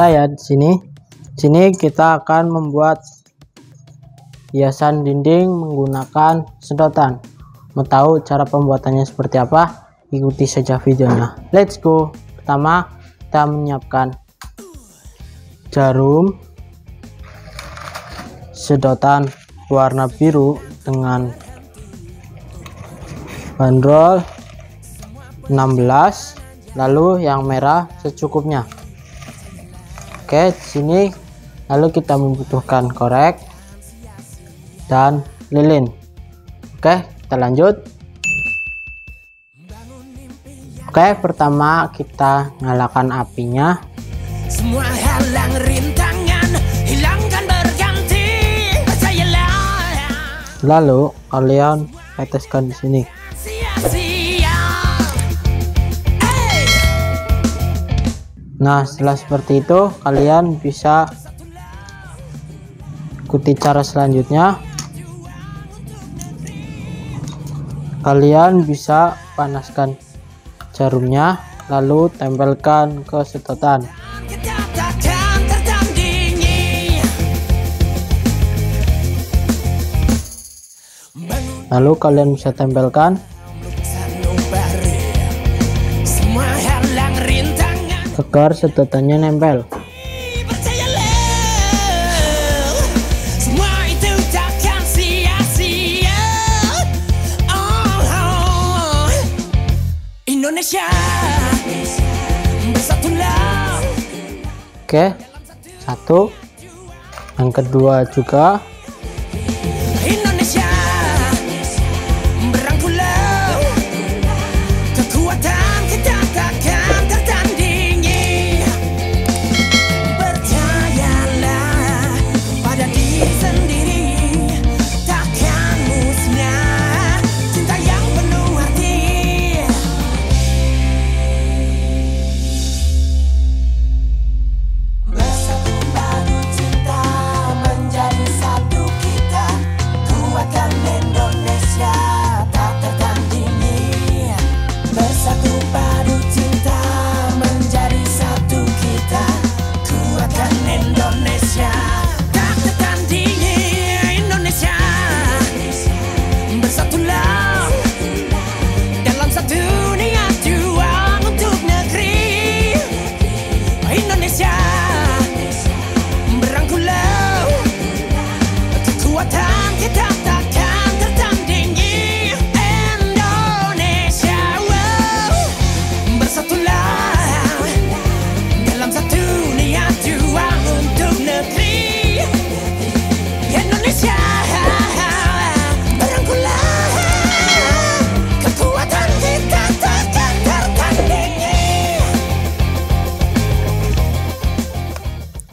saya di sini. Sini kita akan membuat hiasan dinding menggunakan sedotan. Mau tahu cara pembuatannya seperti apa? Ikuti saja videonya. Let's go. Pertama, kita menyiapkan jarum sedotan warna biru dengan bandrol 16 lalu yang merah secukupnya oke di sini lalu kita membutuhkan korek dan lilin oke kita lanjut oke pertama kita nyalakan apinya semua halang rintangan hilangkan berganti lalu kalian teteskan di sini Nah, setelah seperti itu, kalian bisa ikuti cara selanjutnya. Kalian bisa panaskan jarumnya, lalu tempelkan ke sedotan. Lalu kalian bisa tempelkan segar sedotannya nempel Oke, oh, oh. Oke, satu. Yang kedua juga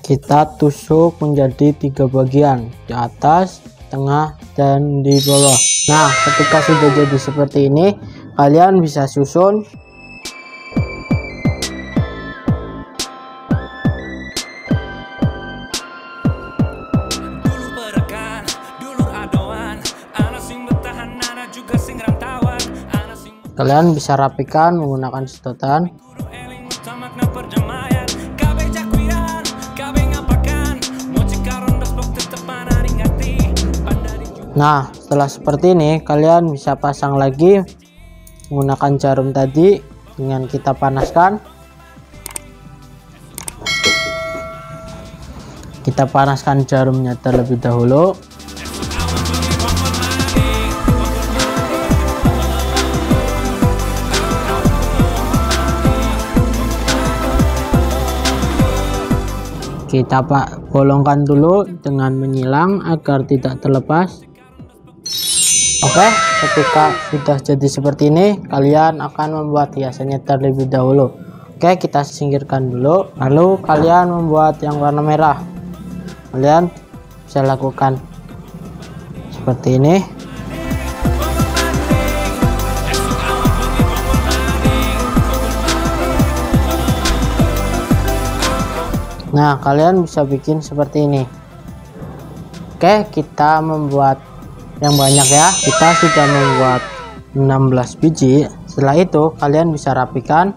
kita tusuk menjadi tiga bagian di atas tengah dan di bawah nah ketika sudah jadi seperti ini kalian bisa susun kalian bisa rapikan menggunakan sedotan Nah, setelah seperti ini, kalian bisa pasang lagi menggunakan jarum tadi dengan kita panaskan. Kita panaskan jarumnya terlebih dahulu. Kita pak bolongkan dulu dengan menyilang agar tidak terlepas. Oke, ketika sudah jadi seperti ini, kalian akan membuat hiasannya terlebih dahulu. Oke, kita singkirkan dulu. Lalu kalian membuat yang warna merah. Kalian bisa lakukan seperti ini. Nah, kalian bisa bikin seperti ini. Oke, kita membuat yang banyak ya kita sudah membuat 16 biji setelah itu kalian bisa rapikan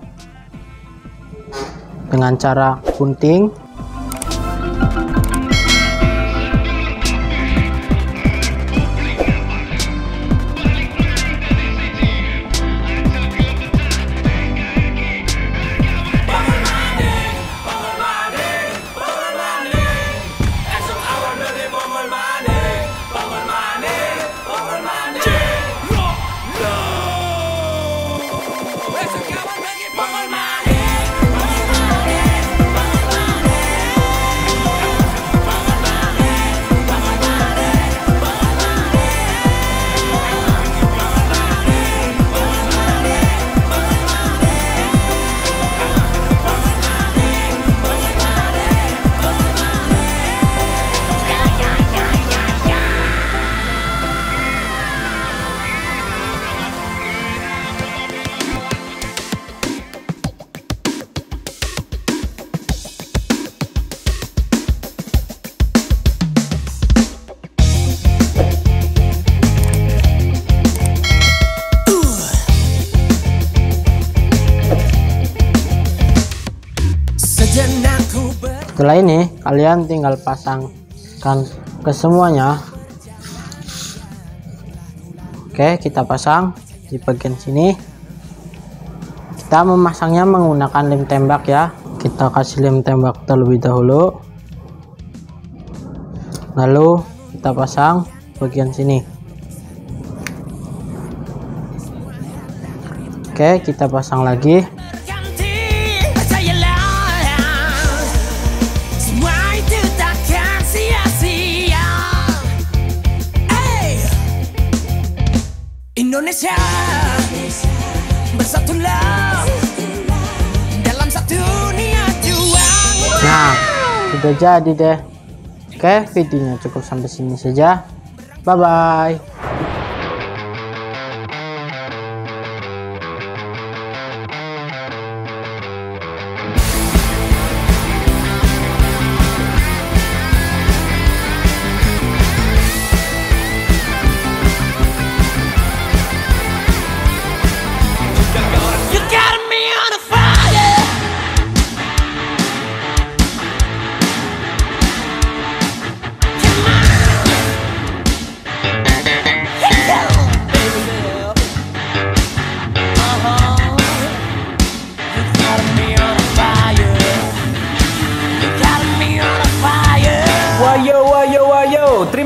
dengan cara gunting setelah ini kalian tinggal pasangkan ke semuanya oke kita pasang di bagian sini kita memasangnya menggunakan lem tembak ya kita kasih lem tembak terlebih dahulu lalu kita pasang bagian sini oke kita pasang lagi Indonesia Bersatulah Dalam satu niat juang Nah sudah jadi deh Oke videonya cukup sampai sini saja Bye bye